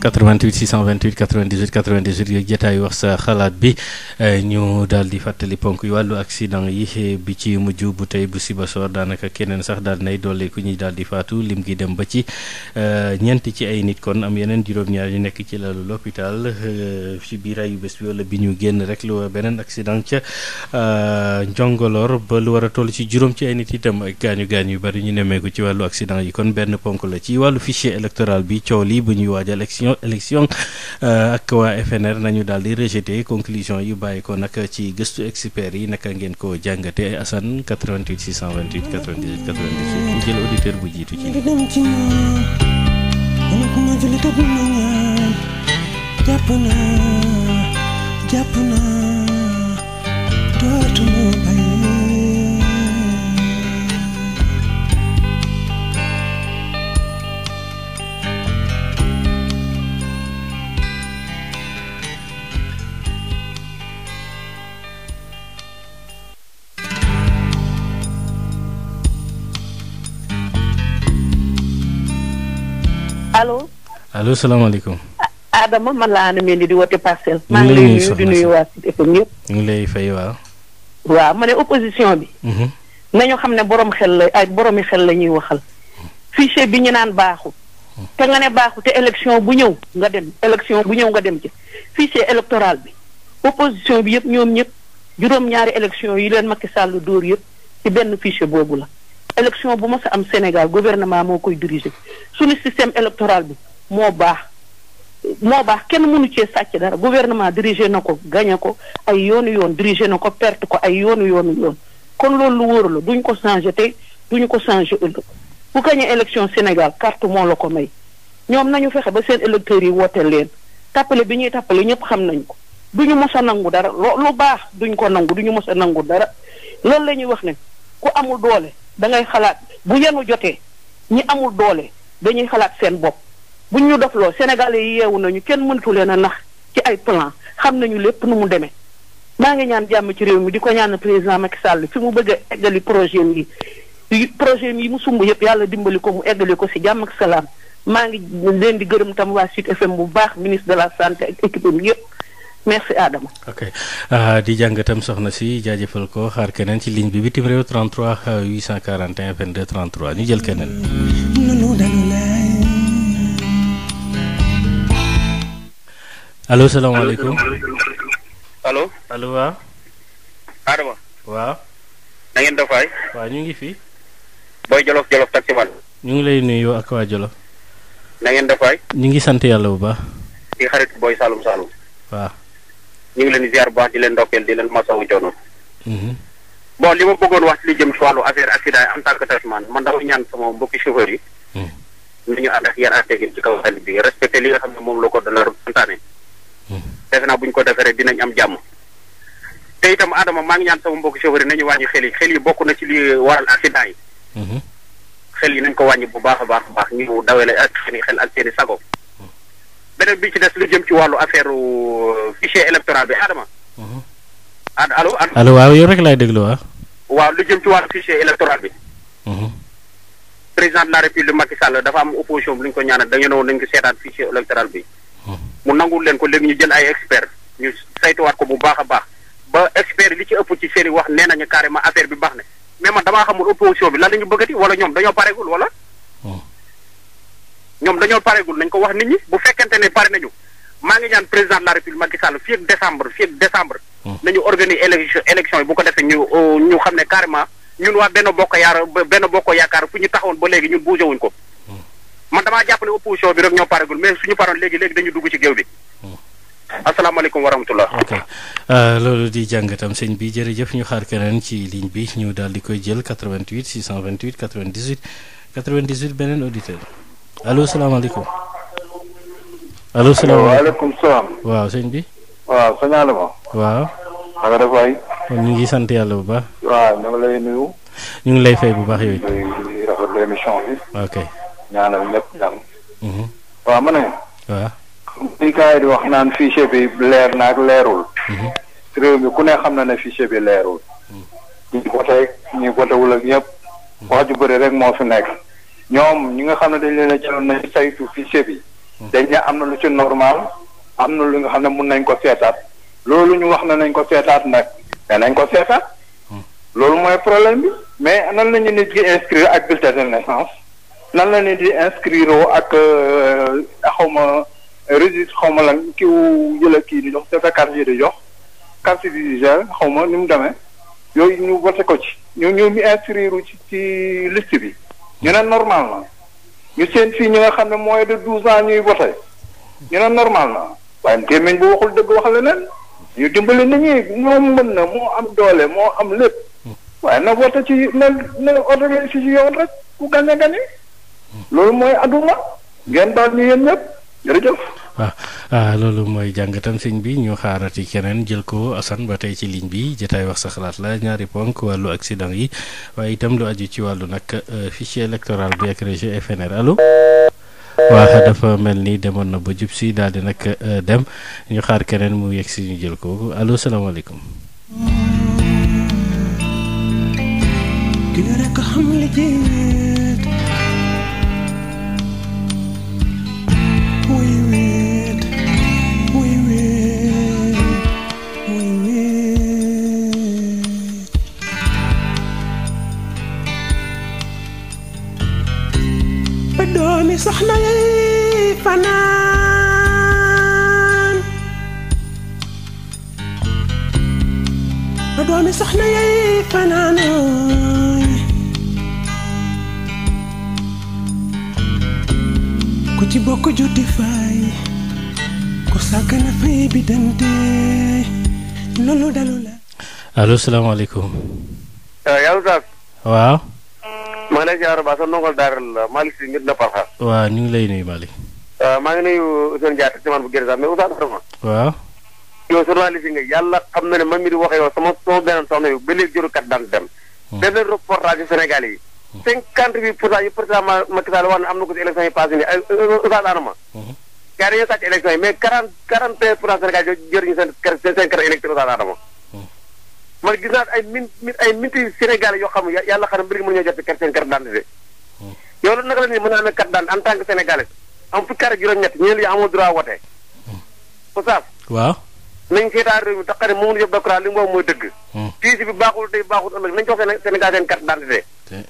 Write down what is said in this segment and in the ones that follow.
88 628 98 98 yeeg jotaayu wax sa xalaat bi eh, ñu daal di fàttali ponk yi wàllu accident yi eh, bi ci mujj bu tey bu Sibassor daanaka keneen sax daal nay dooleeku ñuy daal di faatu lim gi dem ba ci eh, ñeent ci ay nit kon am yeneen juróom-ñaar yu nekk ci lalu l'hôpital ci biir ayu bés bi ñu génn rek lu beneen accident ca Njongolor ba lu war a ci juróom ci ay nit itam ak gaañu gaañu yu bari ñu nemmeeku ci wàllu accident yi kon benn ponk la ci wàllu fichier électoral bi coow li bu ñuy waajal élection union élection euh, ak waa FNR nañu daal di rejeté conclusion yu bàyyi ko nag ci gëstu experts yi naka ngeen ko jàngate Assane 88 628 98 98 ñu jël auditeur bu jiitu ci. jàpp naa allo. allo salaamaaleykum. Adama man la Anna Mendy di woote parcel maa ngi lay nuyu di nuyu waa Sud FM yëpp. ñu ngi lay fay waaw. waaw ma ne opposition bi. Mhm. nañu xam ne borom xel la ay boromi xel la ñuy waxal. fichier bi ñu naan baaxu te nga ne baaxul te élection bu ñëw nga dem élection bu ñëw nga dem ci fichier électoral bi opposition bi yëpp ñoom ñëpp juróom-ñaari élection yi leen Macky Sall dóor yëpp ci benn fichier boobu la. élection bu ma a am Sénégal gouvernement moo koy diriger. suñu système électoral bi moo baax moo baax kenn mënu cee sàcc dara gouvernement dirigé na ko gagné ko ay yoonu yoon dirigé na ko perte ko ay yoonu yoonu yoon kon loolu lu wóor la duñ ko changé tey ñu ko changé ëllëg bu gagné élection Sénégal carte moo la ko may ñoom nañu fexe ba seen électeurs yi woote leen tappale bi ñuy tappale ñëpp xam nañ ko duñu mos a nangu dara lu baax duñ ko nangu duñu mos a nangu dara loolu la ñuy wax ne ku amul doole da ngay xalaat bu yenu jotee ñi amul doole dañuy xalaat seen bopp bu ñu dofloo sénégalais yi yeewu nañu kenn mënatu leen a nax ci ay plan xam nañu lépp nu mu demee maa ngi ñaan jàmm ci réew mi di ko ñaan président Macky Sall fi mu bëgg a eggali projet yi projet yi mu sumb yëpp yàlla dimbali ko mu eggali ko si jàmm ak salaam maa ngi leen di gërëm tam waa Sud FM bu baax ministre de la santé ak équipe am yëpp merci Adama. ok ah, di jàngatam soxna si jaajëfal ko xaar keneen ci ligne bi bitim réew 33 841 22 33 ñu jël keneen. allo salaamaaleykum. allo allo waaw. Adama. waaw. na ngeen def ñu ngi fi. booy Jolof Jolof taximan. ñu ngi lay nuyu ak waa Jolof. na ngeen ñu ngi sant yàlla bu baax. di ñu ngi leen di ziar bu baax di leen ndokkeel di leen masawu coono. Mhm. boo li ma bëggoon wax li jëm ci wàllu affaire accident yi en tant que traitement man dama ñaan sama mbokki chauffeur yi. Mhm. nañu ànd ak yar ak teggin ci kaw tali bi respecté li nga xam ne moom la ko doon santaane. Mhm. defe naa bu ko defee dinañ am jàmm. te itam Adama maa ngi ñaan sama mbokki chauffeur yi nañu wàññi xel yi xel yi bokk na ci li waral accident yi. xel yi nañ ko wàññi bu baax a baax a baax ñu dawale ak seen i xel ak sago. beneen bi ci des lu jëm ci wàllu affaire euh, fichier électoral bi Adama. Uh-huh. ad allo allo waaw yow rek laay déglu waaw. waaw lu jëm ci wàllu fichier électoral bi. Uh-huh. président de la république Macky Sall dafa am opposition lu ñu ko ñaanal da ngeen woon nañu ko seetaat fichier électoral bi. Uh-huh. mu nangul leen ko léegi ñu jël ay expert ñu saytuwaat ko bu baax a baax ba expert li ci ëpp ci seen i wax nee nañu carrément affaire bi baax na mais man damaa xamul opposition bi lan la ñu bëggati wala ñoom dañoo pareegul wala. ñoom dañoo pareegul nañ ko wax nit ñi bu fekkente ne pare nañu maa ngi ñaan président de la république Macky Sall fii ak décembre fii ak décembre. Hmm. nañu organiser élection élection bu ko defee ñu euh, ñu xam ne carrément ñun waa benn bokk yaar benn bokk yaakaar fu ñu taxawoon ba léegi ñun bougé wuñ ko. Hmm. man damaa jàpp ne opposition bi rek ñoo pareegul mais suñu paroon léegi léegi dañu dugg ci géew bi. Hmm. asalaamaaleykum wa rahmatulah. ok euh, loolu di jàngatam sëñ bi jërëjëf ñu xaar keneen ci ligne bi ñu daal di koy jël 88 628 98 98 beneen allo salaamaaleykum. allo salaamaaleykum salaam. waaw sëñ bi. waaw sëñ Adama. waaw. na ñu ngi sant yàlla bu baax. waaw ñu ngi lay nuyu. ñu lay fay bu baax yooyu. di rafetlu émission bi. ok ñaanal ñëpp jàmm. Mhm. waaw ma ne. waaw. li gars yi di wax naan fichier bi leer na ak leerul. Mhm. réew mi ku ne xam na ne fichier bi leerul. Mhm. ñi voté ñi voté wul ak ñëpp. wax ju bëri rek moo fi nekk. ñoom ñi nga xam ne dañ leen a jëloon nañu saytu fichier bi hmm. dañ ne am na lu ci normal am na lu nga xam ne mun nañ ko seetaat loolu ñu wax na nañ ko seetaat nag mais nañ ko seetaat hmm. loolu mooy problème bi mais nan la ñu nit di inscrire ak bulletin de naissance nan la nit di inscrire woo ak euh, xawma registre xawma lan ki wu jëla kii di jox seeta carte di jox carte d'identité xawma ni mu demee yooyu ñu voté ko ci ñu ñu inscrire ci ci liste bi ñu ne normal na ñu seen fii ñu nga xam ne mooy de douze ans ñuy voté ñu ne normal na waaye gémmiñ bu waxul dëgg wax leneen ñu dimbali ni ñi moom mën na moo am doole moo am lépp waaye na voté ci na na organiser ci yoon rek ku gañe gañe loolu mooy adduna ngeen baal ñu yéen ñëpp jërëjëf waaw ah, ah, loolu mooy jàngatam sëñ bi ñu xaarati keneen jël ko Assane ba tey ci ligne bi jotaay wax sa xalaat la ñaari ponk wàllu accident yi waaye itam lu aju ci wàllu nag euh, fichier électoral bi ak rejet FNR allo. waaw dafa mel ni demoon na ba jub si di nag euh, dem ñu xaar keneen mu yegg si ñu jël ko allo salaamaaleykum. dina waay ku sàggan a fay eh, yaa ustaas waaw maa ngi jaar ba sa ndongol daara la Malick si ngir na parxa waaw ñu ngi lay nuyu Malick eh, maa ngi nuyu Ousseynou Diatta ci man bu gën sax mais Oustaz Adama waaw yow journaliste nga yàlla xam na ne man mi waxee yow sama beneen soxna yu ba léegi jurukat daan dem hmm. benn reportage Sénégal yi cinquante huit pour cent yi président Macky Sall wax na am na ko ci élection yi passé nii ay euh, euh, Oustaz Anama. Mhm. gars dañoo sàcc élection yi mais quarante quarante et un pour cent Sénégal yi jëriñu seen carte seen carte électeur Oustaz mhm. man gis ay minti Sénégal yoo xam ne yàlla xam ne mbir mi mënuñoo jot seen carte d'identité. Mhm. yow loolu naka la nii mën naa amee carte d'identité en tant que sénégalais am fukki at juróom-ñett ñeent yi amoo droit wote. Oustaz. waaw. nañ seetaan réew mi tax ne Mamadou Diop Decroix li mu wax mooy dëgg. Hmm. tiisi bi baaxul tey baaxul ëllëg nañ jox Sénégal seen carte d'identité.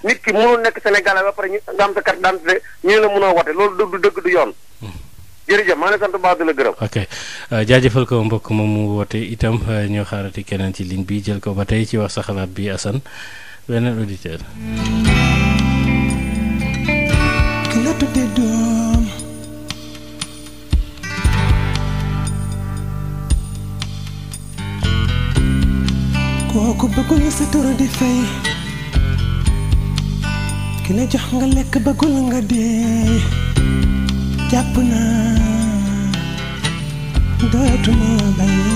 nit ki mënul nekk Sénégalais ba pare ñu nga am sa carte d'identité ñu ne la mënoo wote loolu du dëgg du yoon. Hmm. jërëjëf maa ngi sant bu baax di gërëm. ok euh, jaajëfal ko mbokk moom mu woote itam euh, ñoo xaarati keneen ci ligne bi jël ko ba tey ci wax sa xalaat bi Assane beneen auditeur. bëgguñu sa turu di ki la jox nga lekk bëggul nga dee jàpp naa dootuma bay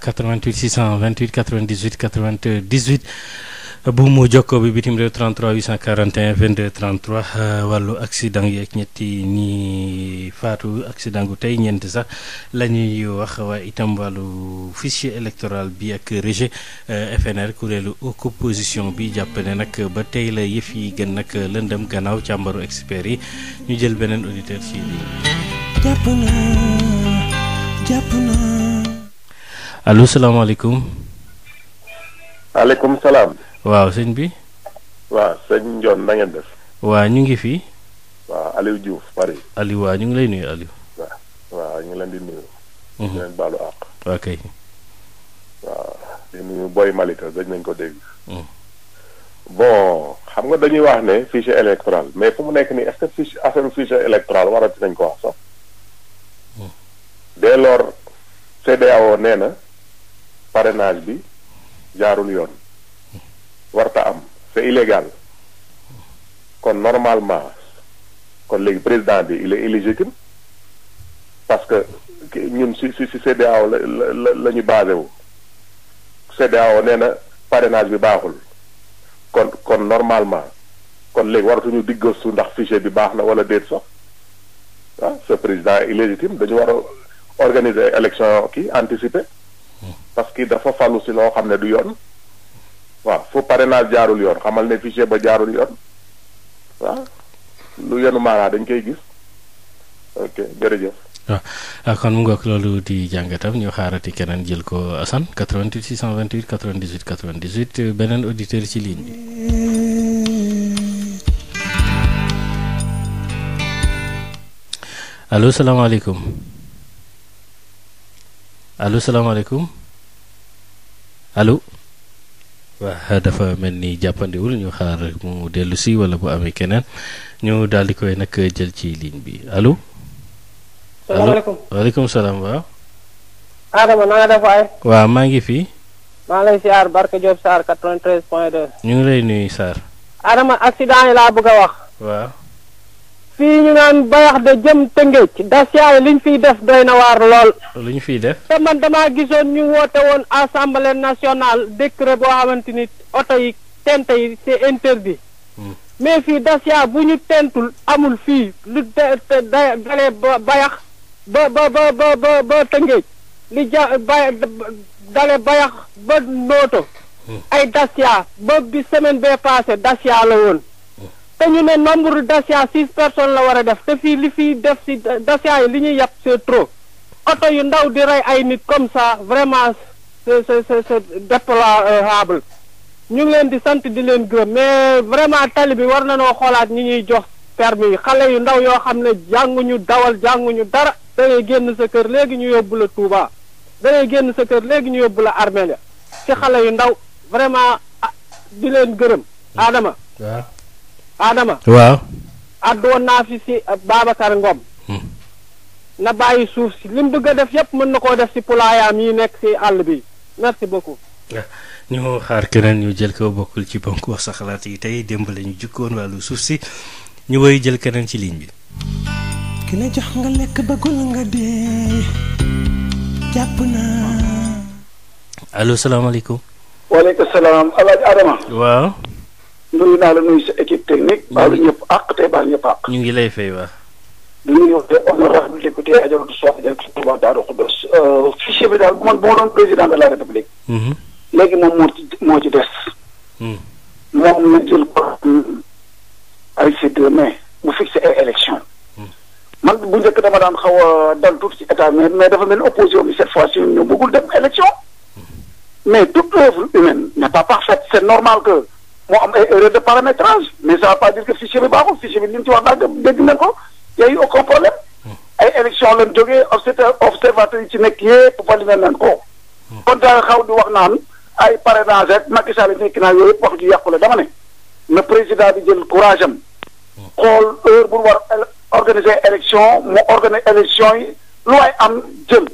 ak 88 628 98 98 bu mu jokkoo bi bitim réew 33 841 22 33 wàllu accident yi ak ñetti ñi faatu accident tey ñeent sax la ñuy wax waa itam wàllu fichier électoral bi ak rejet euh, FNR kuréelu position bi jàpp ne nag ba tey la yëf yi gën nag lëndëm gannaaw càmbaru expert yi ñu jël beneen auditeur ci bi allo alekum maaleykum salaam. waaw sëñ bi. waaw sëñ Ndione na ngeen def. waaw ñu ngi fii waaw Aliou Diouf Paris. Aliou waaw ñu ngi lay nuyu Aliou. waaw waaw ñu leen di nuyu. Mhm. di leen baalu àq. ok. waaw di nuyu Boy Malika dañ nañ ko dégg. Mhm. bon xam nga dañuy wax ne fichier électoral mais fu mu nekk nii est-ce que fiche affaire fichier électoral warati nañ ko wax sax. Mhm. dès lors CEDEAO nee na. parrainage bi jaarul yoon warta am c'est illégal kon normalement kon léegi président bi il est illégitime parce que ñun si si si CEDEAO la la la ñu basé wu CEDEAO nee na parrainage bi baaxul kon kon normalement kon léegi waratuñu su ndax fichier bi baax na wala déet sax ah ce président illégitime dañu war a organiser élection ki anticipée parce que dafa falu si loo xam ne du yoon waaw pare parrainage jaarul yoon xamal ne fichier ba jaarul yoon waaw lu yenu maanaa dañ koy gis ok jërëjëf. waaw ah, kon mu ngoog loolu di jàngatam ñu xaarati keneen jël ko Assane 88 628 98 98 beneen auditeur ci ligne bi. allo salaamaaleykum. allo salaamaaleykum allo waaw dafa mel ni jàppandiwul ñu xaar mu dellu si wala bu amee keneen ñu daal di koy nag jël ci ligne bi allo. salaamaaleykum waaleykum maa ngi fi. maa lay siyaar Barke ñu ngi lay nuyu Sarr. Adama accident yi laa bëgg wax. waaw. fii ñu naan bayax de jëm Tëngéej Dacia li ñu fiy def doy na waar lool. li ñu fiy def. te man damaa gisoon ñu woote woon assemblée nationale décret boo xamante ni oto yi tente yi c'est interdit. Hmm. mais fii Dacia bu ñu tentul amul fii lu de dalee ba bayax ba ba ba ba Tëngéej li ja ba bayax ba nooto. Hmm. ay Dacia ba bi semaine bee paase Dacia la woon. te ñu ne nombre dacia six personnes la war a def te fii li fiy def si dacia yi li ñuy yàpp c'est trop oto yu ndaw di rey ay nit comme ça vraiment c'est c'est ñu ngi leen di sant di leen gërëm mais vraiment tali bi war na nañoo xoolaat ñi ñuy jox permis yi xale yu ndaw yoo xam ne jànguñu dawal ñu dara da génn sa kër léegi ñu yóbbu la Touba da ngay génn sa kër léegi ñu yóbbu la Armelia si xale yu ndaw vraiment ah, di leen gërëm aadama hmm. Adama. waaw. addoon naa fi si uh, Babacar Ngom. Hmm. na bàyyi suuf si li mu a def yépp mën na koo def ci pulaayaam yi nekk si àll bi merci beaucoup. Ah, ñu xaar keneen ñu jël ko bokkul ci bonk wax sa xalaat yi tey démb la suuf si ñu woy jël keneen ci ligne bi. ki la jox nga lekk bëggul nga dee jàpp naa. allo salaamaaleykum. waaleykum salaam El Adama. waaw. nuyu naa la nuyu sa équipe technique. baalu ñëpp àq te baal ñëpp ñu ngi lay fay waa. di nuyu honorable député Adjaratou Sow Diagne Touba Darou euh, daal man boo doon président de la république. Mhm. léegi moom moo ci moo ci des. Mhm. moom na jël ko ay ses deux mains bu fixé ay élection mhm. man bu njëkk dama daan xaw a dal tuuti si état mais mais dafa mel ni opposition bi cette fois ci ñu bëggul dem élection mais toute œuvre humaine n'est pas parfaite c'est normal que. moo am ay erreur de paramétrage mais ça veut pas dire que fichier bi baaxul fichier bi ni mu ci wax daal dégg nañ ko y a eu aucun problème hmm. ay élection lañ jógee observateur yi ci nekk yëpp validé nañ ko. Hmm. kon daal xaw di wax naan ay parrainage rek Macky Sall nekk naa yooyu yëpp wax ju yàqu la dama ne na président bi jël courage am. Hmm. xool heure bu war organiser élection mu organiser élection yi lu waay am jël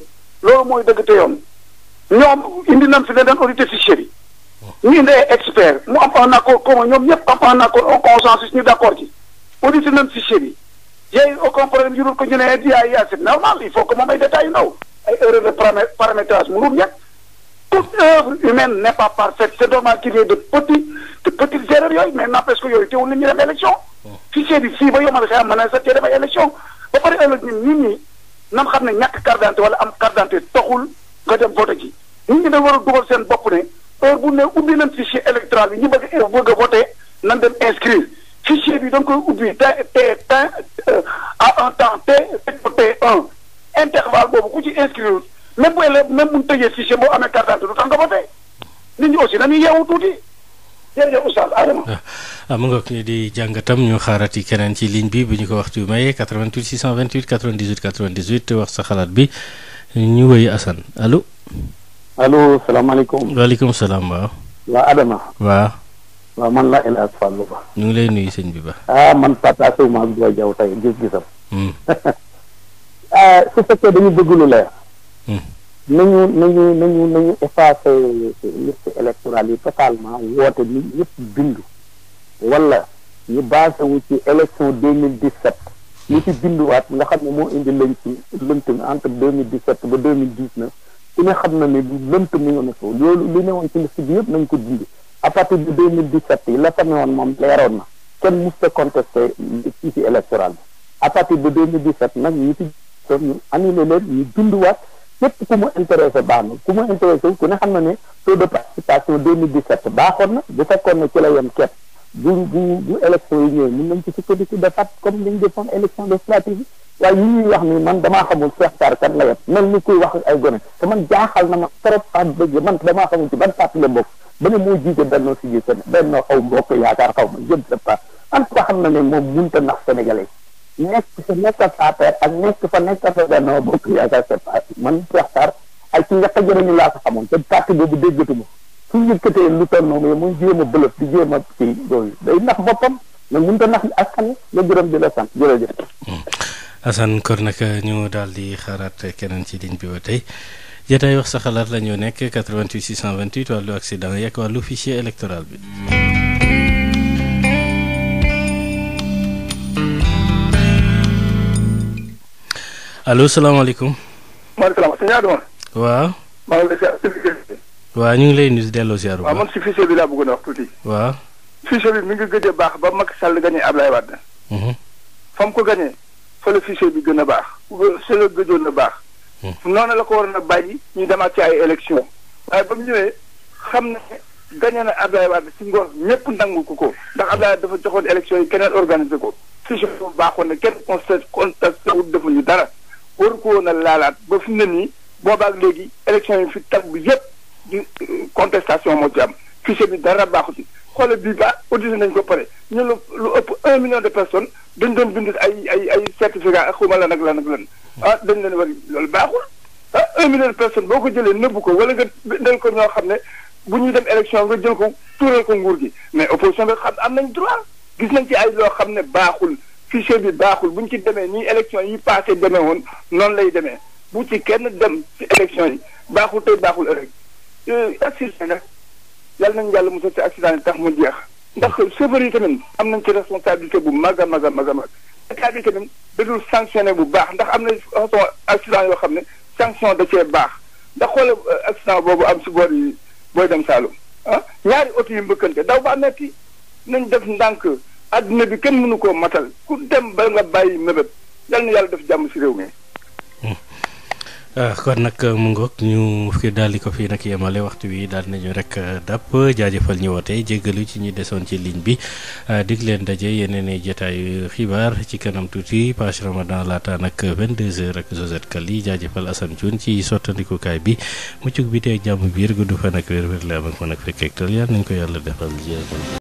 loolu mooy dëgg te yoon ñoom indi nañ fi ne dañ audité fichier bi. ñii des experts mu am un accord commun ñoom ñëpp am un accord un consensus ñu d' accord ci audité nañ fichier bi yooyu aucun problème yu dul ko ñu ne yaa yaa c'est normal il faut que moom ay détails ay erreurs de paramétrage mu mënul ñett toute œuvre humaine n'est pas parfaite c'est normal qu'il y ait de petits de petites erreurs yooyu mais n'empêche que yooyu teewul nit ñi dem élection fichier bi fii ba yomal xëy na mën na sa cee dem ay élection ba pare ëllëg nga dem vote ji nit ñi war a dugal seen bopp ne heure bu ne ubbi nañ fichier électoral bi ñu bëgg a bëgg a voté nan dem inscrire fichier bi da koy ubbi te te te euh, un temps te T1 intervalle boobu ku ci inscrire même bu élève même bu ñu tëjee fichier boo amee carte d'identité du tax nga voté nit ñi aussi nañu yeewu tuuti. jërëjëf oustaz Adama. Ah, ah mu nga ko di jàngatam ñu xaarati keneen ci ligne bi bu ñu ko waxtu maye 88 628 98 98 wax sa xalaat bi ñu wëy Assane allo. allo salaamaaleykum. waaleykum salaam waaw. waa Adama. waaw. waaw man la El Hadj Ba. ñu ngi lay nuyu sëñ bi ba. ah man partagé wu ma ak Ndiaye Diaw tey gis-gisam. Hmm. ah su fekkee dañu bëgg lu leer. Hmm. nañu nañu nañu nañu effacé liste électorale yi totalement woote ni yëpp bindu wala ñu basé wu ci élection 2017 ñu ci binduwaat nga xam ne moo indi lëñ ci lëntëm entre 2017 ba 2019. ku ne xam na ne lu lënt mi ngi nekk loolu li newoon ci liste bi yëpp nañ ko dindi à partir de 2017 yi la tamewoon moom leeroon na kenn mus te contesté ci ci électoral bi à partir de 2017 nag ñu ci son ñu annulé ñu dunduwaat képp ku mu intéressé baax na ku mu intéressé ku ne xam na ne taux de participation 2017 baaxoon na bu fekkoon ne ci la yem képp bu bu bu élection yi ñëwee mën nañ ci sukkandiku defaat comme li ñu defoon élection waaye yi ñuy wax nii man damaa xamul Cheikh Sarr kan la mel ni kuy wax ay gone te man jaaxal na ma trop wax dëgg man damaa xamul ci ban parti la bokk ba ne moo jiite bennoo si ji seen bennoo xaw mbokk yaakaar xaw na ne moom a nax sénégalais nekk fa nekkal sa affaire ak nekk fa nekkal fa bennoo bokk yaakaar sa man Cheikh Sarr ay ci ñax a jëriñu laa ko xamoon te parti boobu déggatuma su yëkkatee lu toll noonu muy jéem a bëlëf di jéem a kii yooyu day nax boppam mais mënut a nax askan la gërëm di la sant jërëjëf Assane kon nag ñu daal di xaaraat keneen ci ligne bi ba tey jotaay wax sa xalaat la nekk 88 628 wàllu accident yi ak wàllu fichier électoral bi. allo salaamaaleykum. maaleykum salaam sëñ ñu ngi lay nuyu delloo ziar bu baax. si fichier bi laa bëggoon a wax tuuti. waaw. fichier bi mi ngi gëj baax ba Macky Sall gagné Ablaye Wade. Mhm. fa mu ko gagné. fa la bi gën a baax fa la gëjoon a baax. Hmm. noonu la ko waroon a bàyyi ñu demaat ci ay élection waaye ba mu ñëwee xam ne gañe na Abdoulaye Wade ci ngor ñëpp nangu ko ko ndax Abdoulaye dafa joxoon élection yi keneen organisé ko fichier boobu baaxoon na kenn constat contesté wut defuñu dara war ko woon a laalaat ba fi ne nii boobaak léegi élection yi fi tag bi yëpp di contestation moo ci am bi dara baaxu ci xoolal bii ba audité nañ ko pare ñu lu ëpp un million de personnes dañ doon bind ay ay ay certificat ak xuma lan ak lan ak lan ah dañ leen war loolu baaxul ah un million de personnes boo ko jëlee nëbbu ko wala nga bindal ko ñoo xam ne bu ñuy dem élection nga jël ko tuural ko nguur gi mais opposition bi xam am nañ droit gis nañ ci ay loo xam ne baaxul fichier bi baaxul bu ñu ci demee nii élection yi passé demee woon noonu lay demee bu ci kenn dem ci élection yi baaxul tey baaxul ëllëg euh, assuré yàlla nañu yàlla musal ci accident yi tax mu jeex ndax chauffeur yi tamit am nañ ci responsabilité bu mag a mag a mag a mag état bi tamit dadul sanctionné bu baax ndax am na façon accident yoo xam ne sanction da ci baax ndax xoole euh, accident boobu am si boor yi booy dem Saalum ah ñaari oto yi mbëkkante daw ba metti nañ def ndànk adduna bi kenn mënu koo matal ku dem ba nga bàyyi mébét yal na yàlla def jàmm si réew mi hmm. Euh, kon nag euh, mu ñu fi daal di ko fii nag yemale waxtu wi daal nañu rek euh, dàpp jaajëfal ñu woote jéggalu ci ñi desoon ci ligne bi dig leen daje yeneen i jotaayu xibaar ci kanam tuuti page ramadan laata nag 22h ak Josette Kaly jaajëfal Assane Diouf ci sottandikukaay bi muccug bi tey jàmm biir gudd fan ak wér-wér la am ak mën ak fekkeektal yàlla nañ ko yàlla defal jërë